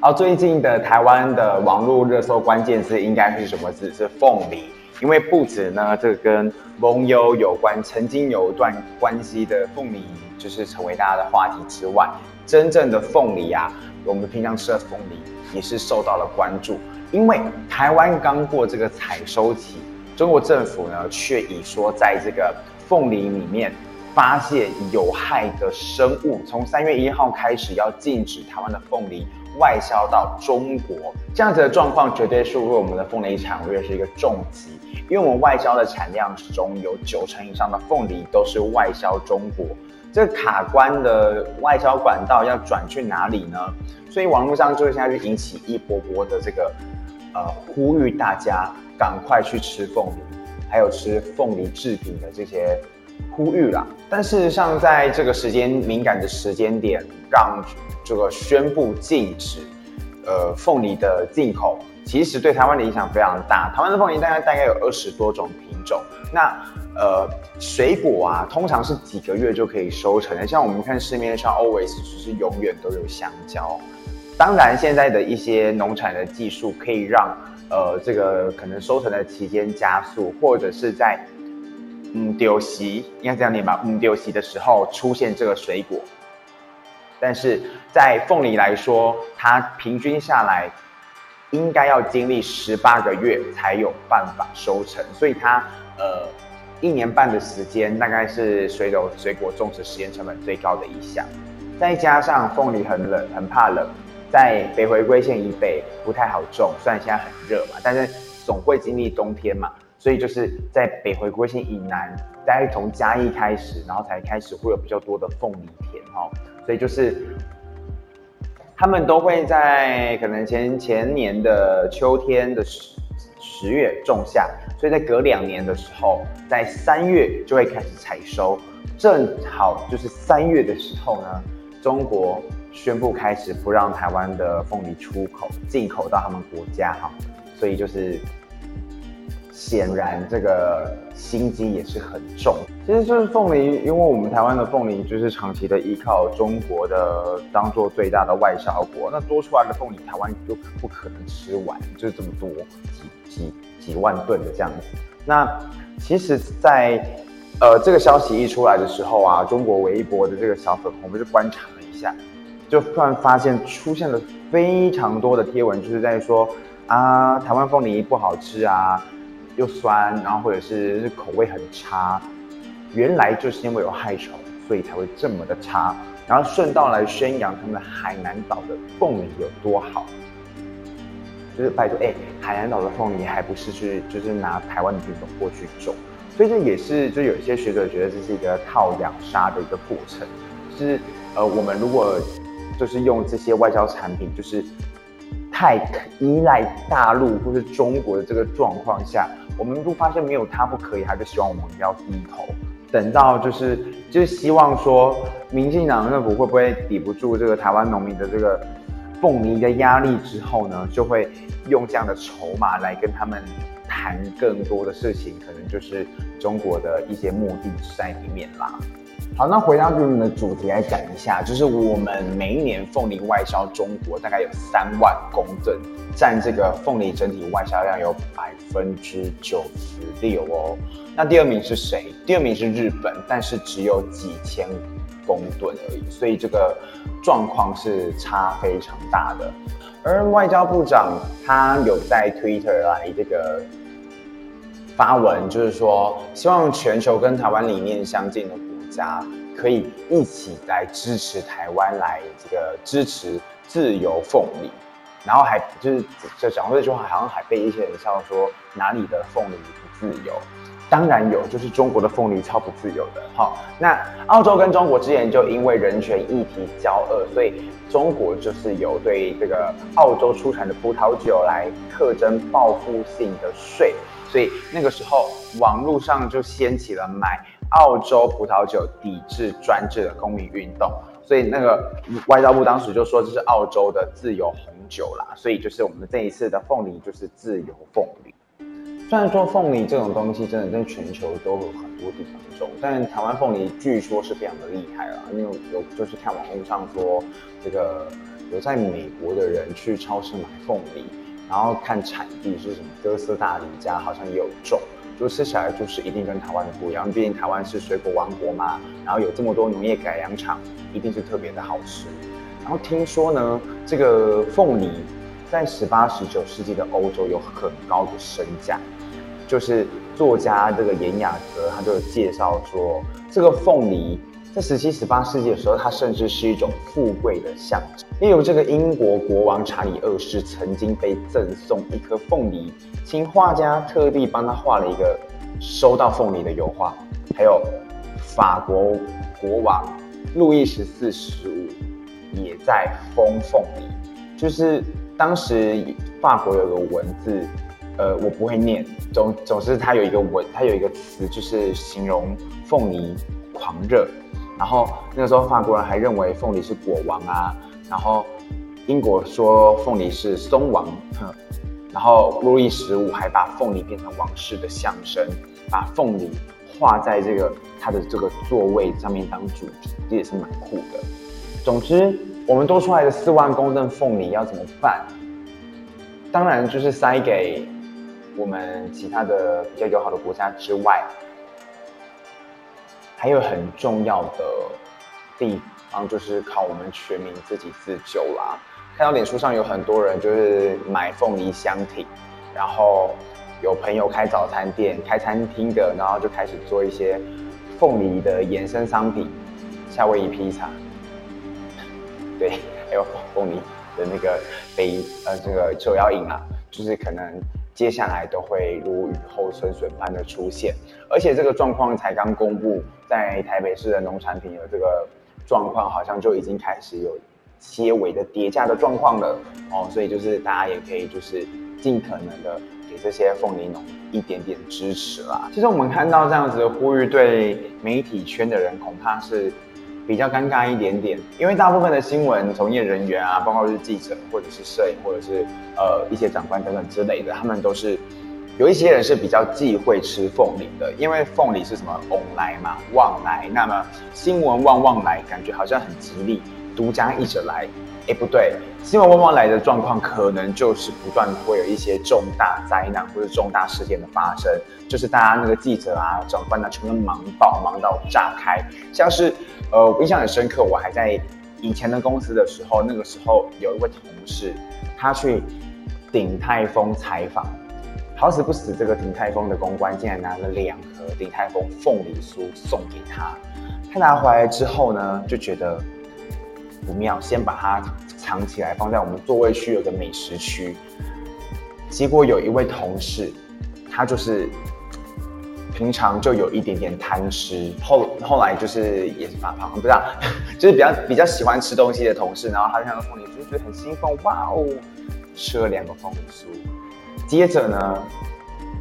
而、啊、最近的台灣的網絡熱搜關鍵字應該是什麼字？是鳳梨，因為不止呢，這個跟罔夭有關、曾經有一段關係的鳳梨，就是成為大家的話題之外，真正的鳳梨啊，我們平常吃的鳳梨也是受到了關注，因為台灣剛過這個採收期，中國政府呢卻已說在這個鳳梨裡面，發現有害的生物，從三月一號開始要禁止台灣的鳳梨外銷到中國。這樣子的狀況絕對是為我們的鳳梨產業是一個重擊，因為我們外銷的產量中有九成以上的鳳梨都是外銷中國。這個卡關的外銷管道要轉去哪裡呢？所以網絡上就現在就引起一波波的這個呃呼籲大家趕快去吃鳳梨，還有吃鳳梨制品的這些。呼籲啦，但事實上，在這個時間敏感的時間點，讓這個宣布禁止，呃，鳳梨的進口，其實對台灣的影響非常大。台灣的鳳梨大概大概有二十多種品種，那呃，水果啊，通常是幾個月就可以收成的。像我們看市面上，always 只是永遠都有香蕉。當然，現在的一些農產的技術可以讓呃這個可能收成的期間加速，或者是在。嗯，丟席，應該這樣念吧？嗯，丟席的時候出現這個水果，但是在鳳梨來說，它平均下來應該要經歷十八個月才有辦法收成，所以它呃一年半的時間，大概是所有水果種植時間成本最高的一項。再加上鳳梨很冷，很怕冷，在北回歸線以北不太好種。雖然現在很熱嘛，但是總會經歷冬天嘛。所以就是在北回歸線以南，大概從嘉義開始，然後才開始會有比較多的鳳梨田哦，所以就是他們都會在可能前前年的秋天的十十月種下，所以在隔兩年的時候，在三月就會開始採收。正好就是三月的時候呢，中國宣布開始不讓台灣的鳳梨出口進口到他們國家哈。所以就是。顯然這個心機也是很重，其實就是鳳梨，因為我們台灣的鳳梨就是長期的依靠中國的當做最大的外銷國，那多出來的鳳梨台灣就不可能吃完，就是這麼多幾幾幾萬噸的這樣子。那其實在，在呃這個消息一出來的時候啊，中國微博的這個小粉紅不是觀察了一下，就突然發現出現了非常多的貼文，就是在說啊台灣鳳梨不好吃啊。又酸，然後或者是，是口味很差，原來就是因為有害蟲，所以才會這麼的差。然後順道來宣揚他們海南島的鳳梨有多好，就是拜托，哎，海南島的鳳梨還不是去，就是拿台灣的品種過去種，所以這也是就有一些學者覺得這是一個套養殺的一個過程，就是呃，我們如果就是用這些外交產品，就是。太依賴大陸或是中國的這個狀況下，我們都發現沒有他不可以，他就希望我們要低頭。等到就是，就是希望說，民進黨政府會不會抵不住這個台灣農民的這個鳳梨的壓力之後呢，就會用這樣的籌碼來跟他們談更多的事情，可能就是中國的一些目的在裡面啦。好，那回到你們的主題來講一下，就是我們每一年鳳梨外銷中國大概有三萬公噸，佔這個鳳梨整體外銷量有百分之九十六哦。那第二名是誰？第二名是日本，但是只有幾千公噸而已，所以這個狀況是差非常大的。而外交部長他有在 Twitter 來這個發文，就是說希望全球跟台灣理念相近的。家可以一起來支持台灣，來這個支持自由鳳梨，然後還就是就講過這句話，好像還被一些人笑說哪裡的鳳梨不自由？當然有，就是中國的鳳梨超不自由的。好，那澳洲跟中國之前就因為人權議題交惡，所以中國就是有對這個澳洲出產的葡萄酒來特徵報復性的稅，所以那個時候網絡上就掀起了買。澳洲葡萄酒抵制專制的公民運動，所以那個外交部當時就說這是澳洲的自由紅酒啦，所以就是我們這一次的鳳梨就是自由鳳梨。雖然說鳳梨這種東西真的在全球都有很多地方種，但台灣鳳梨據說是非常的厲害啦，因為有，有就是看網絡上說這個有在美國的人去超市買鳳梨，然後看產地是什麼，哥斯達黎加好像也有種。就吃起來就是一定跟台灣的不一樣，畢竟台灣是水果王國嘛，然後有這麼多農業改良場，一定是特別的好吃。然後聽說呢，這個鳳梨在十八、十九世紀的歐洲有很高的身價，就是作家這個嚴雅閣他就介紹說，這個鳳梨。在十七、十八世紀的時候，它甚至是一種富貴的象徵。例如，這個英國國王查理二世曾經被贈送一顆鳳梨，請畫家特地幫他畫了一個收到鳳梨的油畫。還有，法國國王路易十四十五也在封鳳梨，就是當時法國有個文字，呃，我不會念，總總之，它有一個文，它有一個詞，就是形容鳳梨狂熱。然後那個時候，法國人還認為鳳梨是果王啊，然後英國說鳳梨是松王，然後路易十五還把鳳梨變成王室的象徵，把鳳梨畫在這個他的這個座位上面當主題，這也是蠻酷的。總之，我們多出來的四萬公噸鳳梨要怎麼辦？當然就是塞給我們其他的比較友好的國家之外。還有很重要的地方，就是靠我們全民自己自救啦。看到臉書上有很多人就是買鳳梨相挺，然後有朋友開早餐店、開餐廳的，然後就開始做一些鳳梨的衍生商品，夏威夷披薩。對，還有鳳梨的那個杯呃，這個手搖飲啦，就是可能接下來都會如雨後春筍般的出現。而且這個狀況才剛公布，在台北市的農產品有這個狀況，好像就已經開始有些微的跌價的狀況了哦，所以就是大家也可以就是盡可能的給這些鳳梨農一點點支持啦。其實我們看到這樣子呼籲，對媒體圈的人恐怕是比較尷尬一點點，因為大部分的新聞從業人員啊，包括是記者或者是攝影或者是呃一些長官等等之類的，他們都是。有一些人是比較忌諱吃鳳梨的，因為鳳梨是什麼“旺來嘛，旺來”，那麼新聞“旺旺來”感覺好像很吉利，獨家一直來，哎、欸、不對，新聞“旺旺來的狀況可能就是不斷會有一些重大災難或者是重大事件的發生，就是大家那個記者啊、長官啊，全都忙爆，忙到炸開。像是，呃，我印象很深刻，我還在以前的公司的時候，那個時候有一位同事，他去鼎泰豐採訪。好死不死，這個鼎泰豐的公關竟然拿了兩盒鼎泰豐鳳梨酥，送給他。他拿回來之後呢，就覺得不妙，先把它藏起來，放在我們座位區有個美食區。結果有一位同事，他就是平常就有一點點貪吃，後後來就是也是發胖，不知道就是比較比較喜歡吃東西的同事，然後他就看到鳳梨酥就覺得很興奮，哇哦，吃了兩個鳳梨酥。接着呢，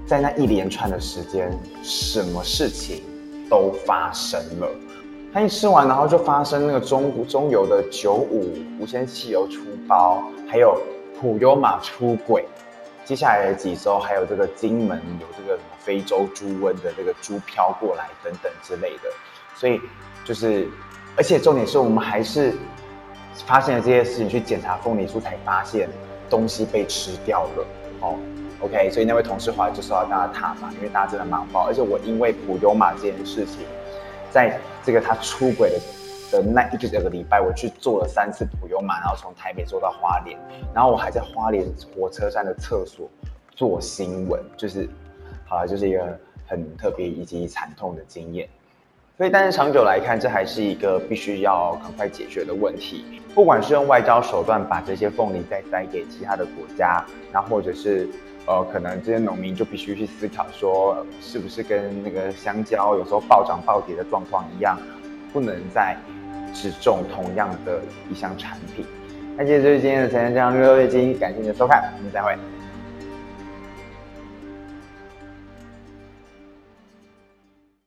在那一連串的時間，什麼事情都發生了。他一吃完，然後就發生那個中中油的九五無鉛汽油出包，還有普悠瑪出軌。接下來的幾周，還有這個金門有這個非洲豬瘟的這個豬飄過來等等之類的。所以就是，而且重點是我們還是發現了這些事情，去檢查鳳梨酥，才發現東西被吃掉了。哦。OK，所以那位同事後來就受到大家撻伐嘛，因為大家真的忙爆，而且我因為普悠瑪這件事情，在這個他出軌的的那一個禮拜，我去坐了三次普悠瑪，然後從台北坐到花蓮，然後我還在花蓮火車站的廁所做新聞，就是好了、啊，就是一個很，很特別以及慘痛的經驗。所以但是長久來看，這還是一個必須要趕快解決的問題，不管是用外交手段把這些鳳梨再塞給其他的國家，那或者是。呃，可能這些農民就必須去思考說，說、呃、是不是跟那個香蕉有時候暴漲暴跌的狀況一樣，不能再只種同樣的一項產品。那這就是今天的《這樣醬六月經》，感謝您的收看，我們再會。